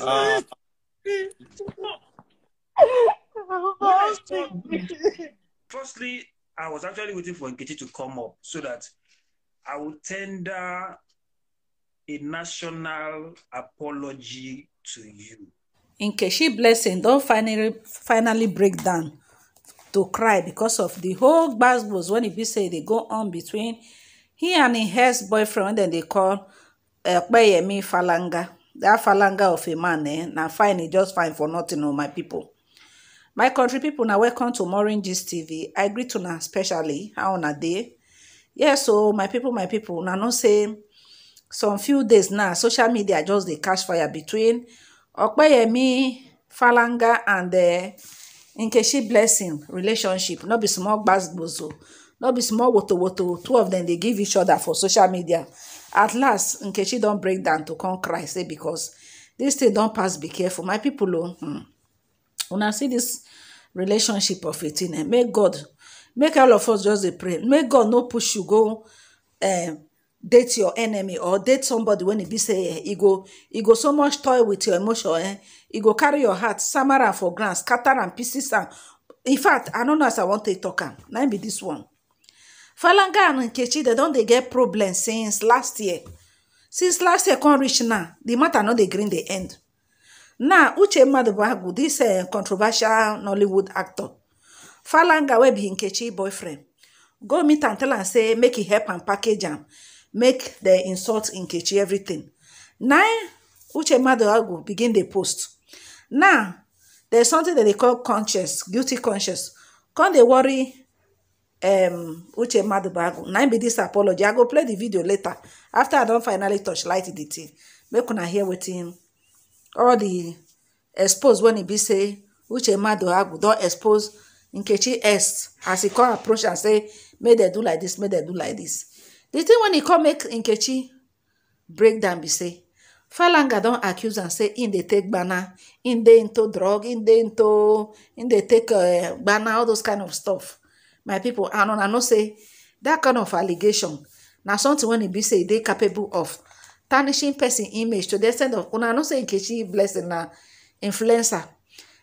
uh, firstly, I was actually waiting for Nkiti to come up so that I would tender a national apology to you. Nkechi Blessing don't finally finally break down to cry because of the whole gbasgbos when e be say they go on between he and his boyfriend and they call Ekpeyemi Falanga. That Falanga of a man, eh? Now fine, he just fine for nothing, oh my people. My country people, now welcome to Maureen TV. I greet now especially how on a day? Yeah, oh, so my people, my people, now no say some few days now, social media just the cash fire between Okpeyemi Falanga and the eh, Nkechi Blessing relationship. No be small gbas gbozo. Oh. No be small woto woto. Two of them, they give each other for social media at last nkechi not break down to come cry say because this thing don't pass be careful my people. o when i see this relationship of 18 make god make all of us just a pray make god no push you go eh, date your enemy or date somebody when he be say he eh, go go so much toy with your emotion eh He go carry your heart samara for grants, scatter and pieces and. in fact i don't know as i want to talk am na be one falanga and nkechi dem don dey get problem since last year since last year come reach now di matter no dey green dey end now uche mmadubuagwu dis uh, controversial nollywood actor falanga wey be nkechi boyfriend go meet am tell am say make e help am package am make dem insult nkechi everything na uche mmadubuagwu begin dey post now there's something dem dey call conscious, guilty conscious. come dey worry um uche madubagu na im be dis apology i go play di video later after i don finally touch light di tin make una hear wetin all di expose when e be say uche madubagu don expose nkechi x as e come approach am say make dem do like dis make dem do like dis di tin when e come make nkechi break down be say falanga don accuse am say im dey take gbana im dey into drug im dey into im dey take um, gbana all those kind of stuff. my people, and una know say that kind of allegation Now, something wey be say they capable of tarnishing person image to the extent of una know say nkechi blessing na influencer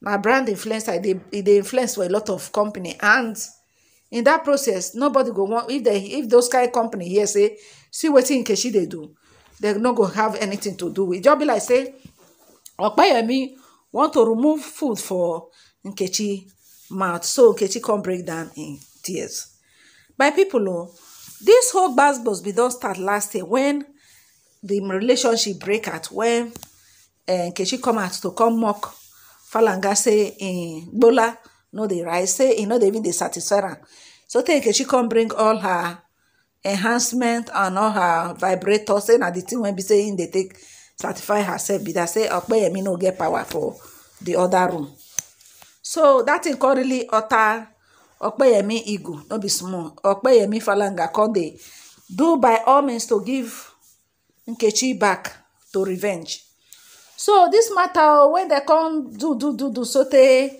na brand influencer They they influence for a lot of company and in that process nobody go want if if those kind company here say see case nkechi they do they not go have anything to do with just be like say okpayemi want to remove food for nkechi mouth so nkechi can't break down in tears my people, oh, this whole buzz buzz be don start last year when the relationship break out wen eh, nkechi come out to come mock falanga say in eh, bola. no they rise say e no they even they satisfy her. so tey nkechi come bring all her enhancement and all her vibrators. say na di tin be saying they e take satisfy herself be that say I mean, no get power for the other room so that thing come really utter opeyemi ego no be small opeyemi falanga come dey do by all means to give nkechi back to revenge so this matter when they come do do do do so they,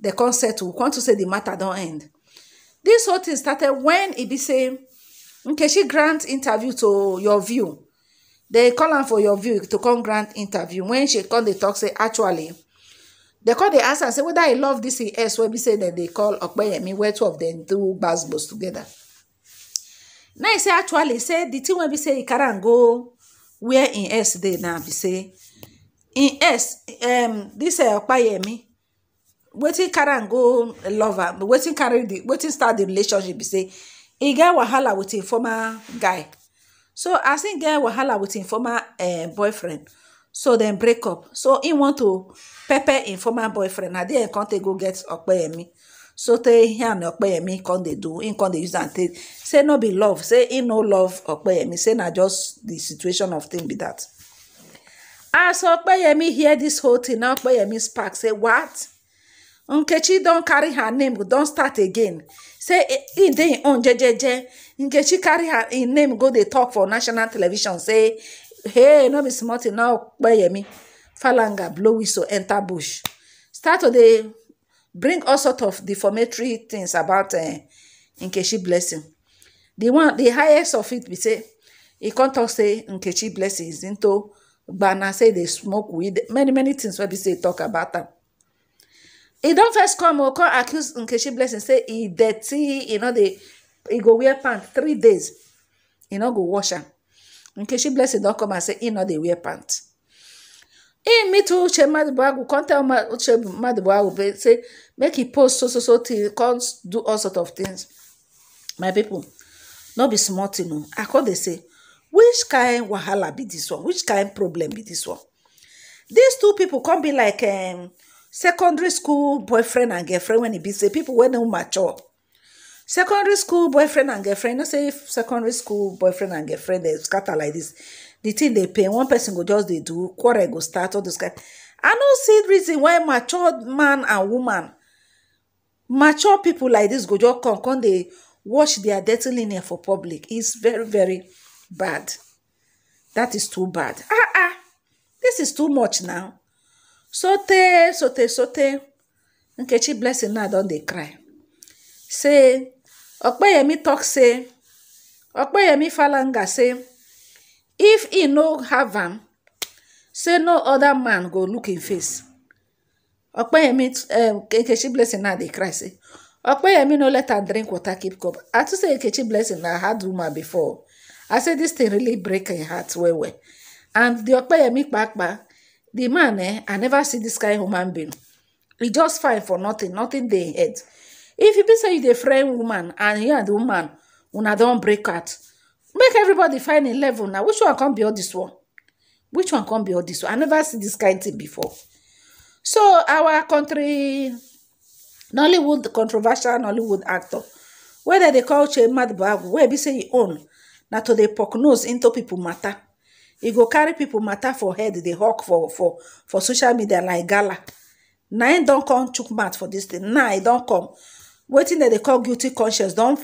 they come settle want to say the matter don't end This whole thing started when e be say nkechi grant interview to your view They call am for your view to come grant interview When she come they talk say actually They call. dey ask and say whether I love this in S. wey be say that they call opeyemi where two of them do gbasgbos together now e say actually say the thing wey we say e carry am go where in S they now we say in S um, dis uh, opeyemi wetin carry am go lover waiting carry the waiting start the relationship We say e get wahala with a former guy so as im get wahala with a former uh, boyfriend so dem break up so im want to pepper im former boyfriend na there im con take go get okpeyemi so tey him and okpeyemi con dey do im con dey use am take say no be love say im no love okpeyemi say na just the situation of thing be dat as ah, okpeyemi hear this whole thing na okpeyemi spark say what nkechi don carry her name don start again say e dey im own jejeje nkechi carry her name go dey talk for national television say hey no be small now, now Me falanga blow whistle enter bush start today. bring all sort of defamatory things about uh, nkechi blessing the one the highest of it we say can't talk say nkechi blessing into gbana say they smoke weed many many things where we say talk about He don't first come or oh, come accuse nkechi blessing say he dirty You know the he go wear pant three days He not go wash am nkechi blessing don come and say he no dey wear pant e meet uche madubuagu come tell uche madubuagu say make e post so so so till come do all sort of things my people no be small thing o oh. i come dey say which kind wahala be this one which kind problem be this one these two people come be like um, secondary school boyfriend and girlfriend when e be say people wey no mature secondary school boyfriend and girlfriend not say secondary school boyfriend and girlfriend They scatter like this. The thing they pay one person go just they do quarrel go start all this guy. i don't see the reason why mature man and woman mature people like this go just come come They wash their dirty linen for public It's very very bad that is too bad ah ah this is too much now sote sote sote nkechi blessing now don't they cry say okpeyemi tok say okpeyemi falanga say if e no have am say no other man go look im face okpeyemi um, nkechi blessing na dey cry say okpeyemi no let am drink water keep cup i too say nkechi blessing na hard woman before i say dis thing really break im heart well well and di okpeyemi kpakpa di man eh i never see dis kind human being e just fine for nothing nothing dey im head if you be say you the friend woman and you and the woman una don't break out make everybody find a level now. which one come be all this one which one come be all this one i never see this kind thing before so our country nollywood controversial nollywood actor wey dem dey call chema babu wey be say e own na to the poke nose into people matter e go carry people matter for head they hawk for for for social media like gala na im don come chook mat for this thing now e don come waiting that they call guilty conscience Don't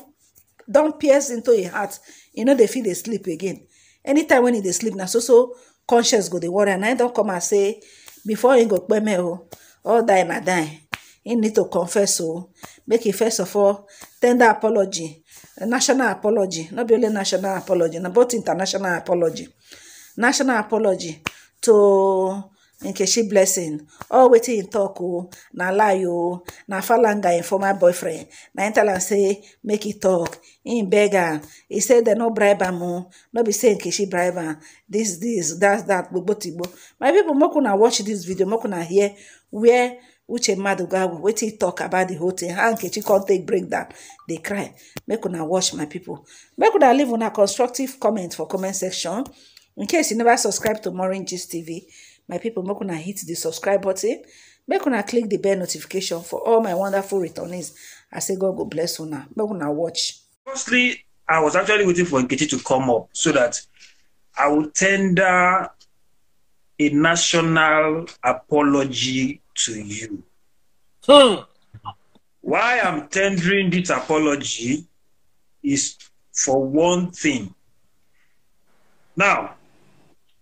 don't pierce into your heart You know they feel they sleep again anytime when they sleep now, so so conscience go dey worry and i don't come and say before you go kpeme o all die na die you need to confess so make it first of all tender apology national apology not only national apology but both international apology national apology to nkechi blessing all wetin him tok o oh, na lie o oh, na falanga im former boyfriend na him tell am say make e talk. him beg am e say dem no bribe am o oh. no be say nkechi bribe am This this that that gbogbo tigbo my people, make una watch this video make una hear where uche madugawu wetin e talk about the whole thing how nkechi con take break down dey cry make una watch my people. make una leave una constructive comment for comment section in case you never subscribe to morin gist tv my people make una hit the subscribe button make una click the bell notification for all my wonderful returnees i say god go bless you now. make una watch firstly i was actually waiting for nkechi to come up so that i would tender a national apology to you hmm. why i'm tendering this apology is for one thing now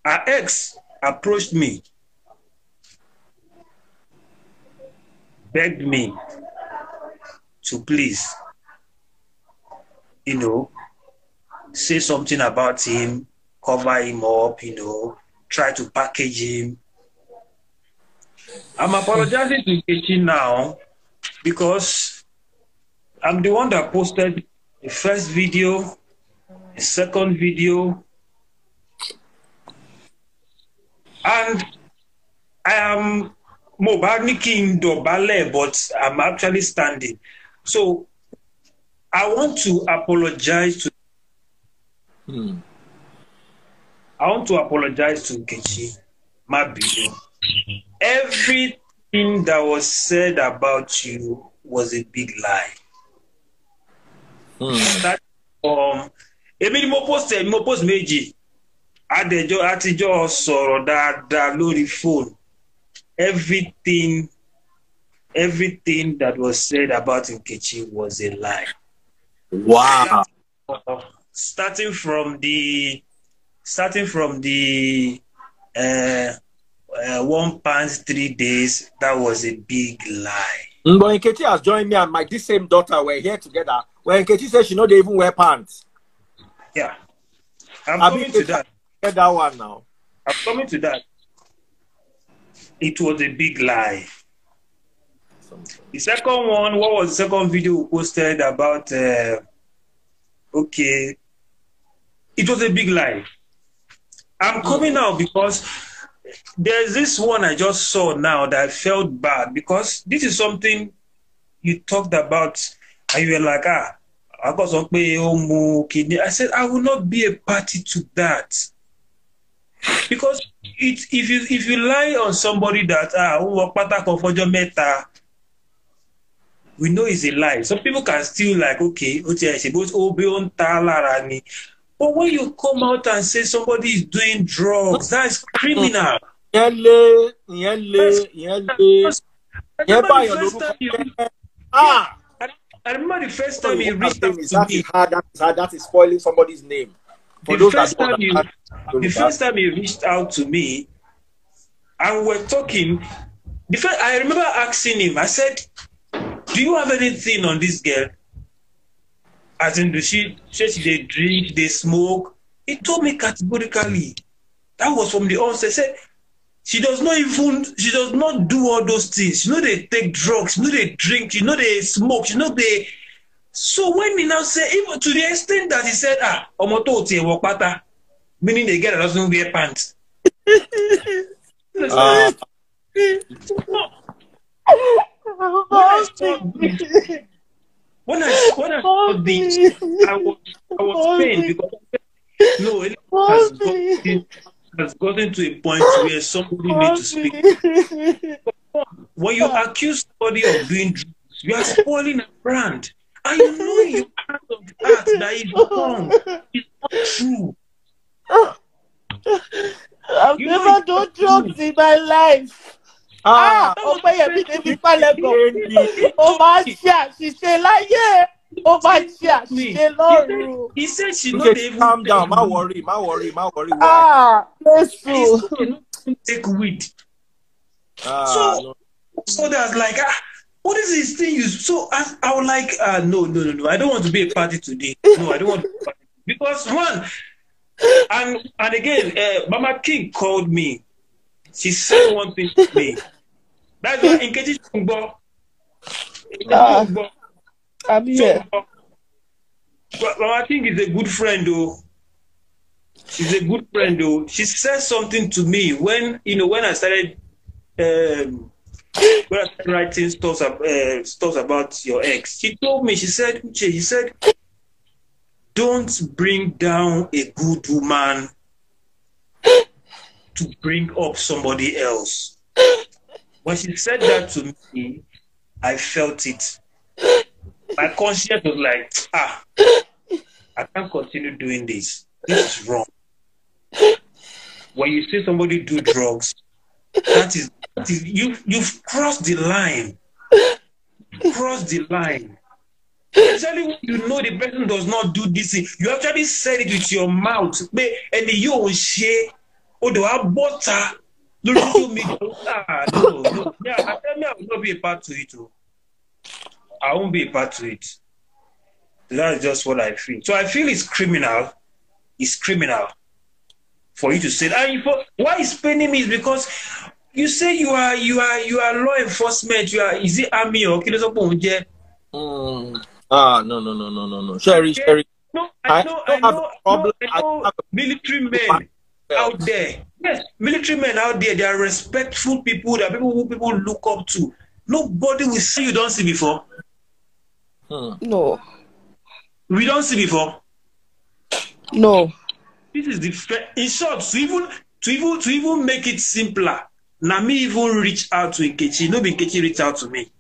our ex approached me, begged me to please, you know, say something about him, cover him up, you know, try to package him. I'm apologizing to Kechi now because I'm the one that posted the first video, the second video, and I am Mohbad ní kí n dọ̀bálẹ̀ but I'm actually standing so I want to apologize to. Hmm. I want to apologize to Nkechi Mabino. Everything that was said about you was a big lie. Hmm. That, um, èmi ni mo post èmi mo post méjì adẹjọ àtijọ́ sọ̀rọ̀ that lórí fóònù everything everything that was said about Nkechi was a lie. Wow. Starting from the starting from the uh, uh, pound three days, that was a big lie. But Nkechi has joined me and my this same daughter were here together. When Nkechi said she they even wear pants. Yeah. I'm coming to that. Get that one now. I'm coming to that. It was a big lie. The second one, what was the second video posted about? Uh, okay, it was a big lie. I'm coming now because there's this one I just saw now that I felt bad because this is something you talked about and you were like, ah, I got some pay, I said, I will not be a party to that. because it if you if you lie on somebody that ah ó wọ pátákó fọjọ́ mẹ́ta we know it's a lie some people can still like okay ó ti ẹ̀ ṣe bó ó bí ta lára ni but when you come out and say somebody is doing drugs that's criminal. ìyẹn lé ìyẹn lé ìyẹn lé ìyẹn báyọ̀ lórúkọ ah. I remember the first oh, time he reached out to me. That is hard. That is hard. That is spoiling somebody's name. For the first, time you, the first time you reached out to me, and we're talking, the first, I remember asking him, I said, Do you have anything on this girl? As in, does she, she, they drink, they smoke? He told me categorically. That was from the onset. He said, she does not even she does not do all those things. You know they take drugs, you know they drink, you know they smoke, you know they so when he now say, even to the extent that he said, ah, Omoto Otie Wokpata, meaning the girl doesn't wear pants. uh. when I saw this, when I, when I saw this, I was, I was pained because no, it has gotten, has gotten to a point where somebody needs to speak. When you accuse somebody of doing drugs, you are spoiling a brand. I know you part of the that is wrong. It's not true. I've you never done drugs in my life. Ah, ah Opeyemi David Palegon. Ó máa ń ṣe àṣìṣe láyé. Ó máa ń ṣe àṣìṣe lọ́rùn. Ah, he said she not even calm down. Má worry, má worry, má worry. Ah, Jésù. Take weed. Ah, so, so that's like ah what is this thing you so I, I was like uh, no no no no i don't want to be a party today no i don't want to be because one and and again uh, mama king called me she said one thing to me that's why in case you go ah, i'm here Well, I think he's a good friend though she's a good friend though she said something to me when you know when i started um, when I writing stories uh, about your ex, she told me, she said, Uche, he said, don't bring down a good woman to bring up somebody else. When she said that to me, I felt it. My conscience was like, ah, I can't continue doing this. This is wrong. When you see somebody do drugs, that is you you've crossed the line. crossed the line. Especially when you know the person does not do this thing. You actually said it with your mouth. And you share, Oh, do abọ́ta lórí tó ah, no no yeah, tell me I will not be a part to it I I won't be a part to it. That's just what I feel. So I feel it's criminal. It's criminal for you to say that. And for, why it's paining me is because you say you are you are you are law enforcement you are is it army or kí ló hmm. ah no no no no no no sherry okay. sherry. no i know i, know i know military men out there yes military men out there they are respectful people they are people who people look up to nobody will see you don't see before. Hmm. no. we don't see before. no. this is the in short to even to even to even make it simpler now me even reach out to Inkechi. no be reach out to me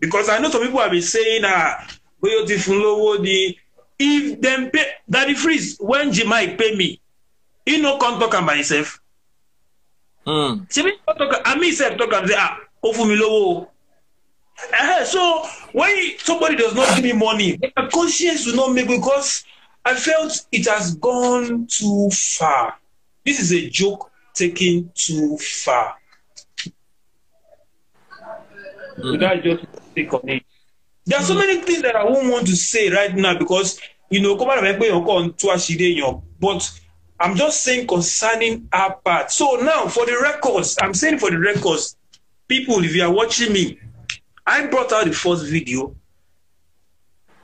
because i know some people have been saying ah boyo if them pay daddy freeze when jimai pay me he no come talk about by Hmm. See me talk I me sef talk am say ah o fun mi Uh, so when somebody does not give me money my conscience will not make because i felt it has gone too far this is a joke taken too far Mm. Without just take on it. There are so mm. many things that I won't want to say right now because you know, come on, but I'm just saying concerning our part. So now for the records, I'm saying for the records, people, if you are watching me, I brought out the first video.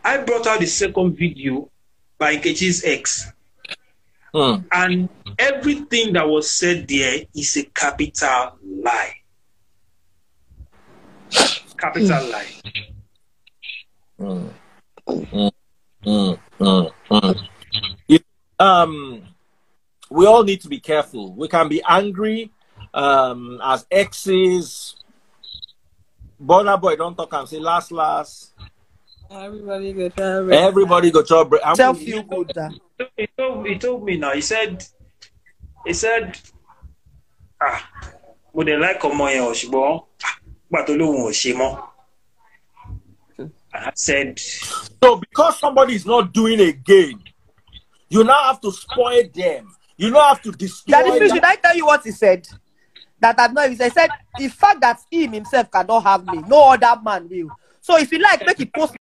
I brought out the second video by Nkechi's ex. Mm. And everything that was said there is a capital lie. Capital life. Mm. Mm. Mm. It, mm. mm. um, we all need to be careful. We can be angry um, as exes. Bonner boy, don't talk and say last, last. Everybody go trouble. Everybody go trouble. Self feel good. He told, he told me now. He said, he said, ah, would they like a more? Hmm. I said. So because somebody is not doing a game, you now have to spoil them. You now have to destroy. Daddy, should I tell you what he said? That I've not. He said the fact that him himself cannot have me, no other man will. So if you like, make it post.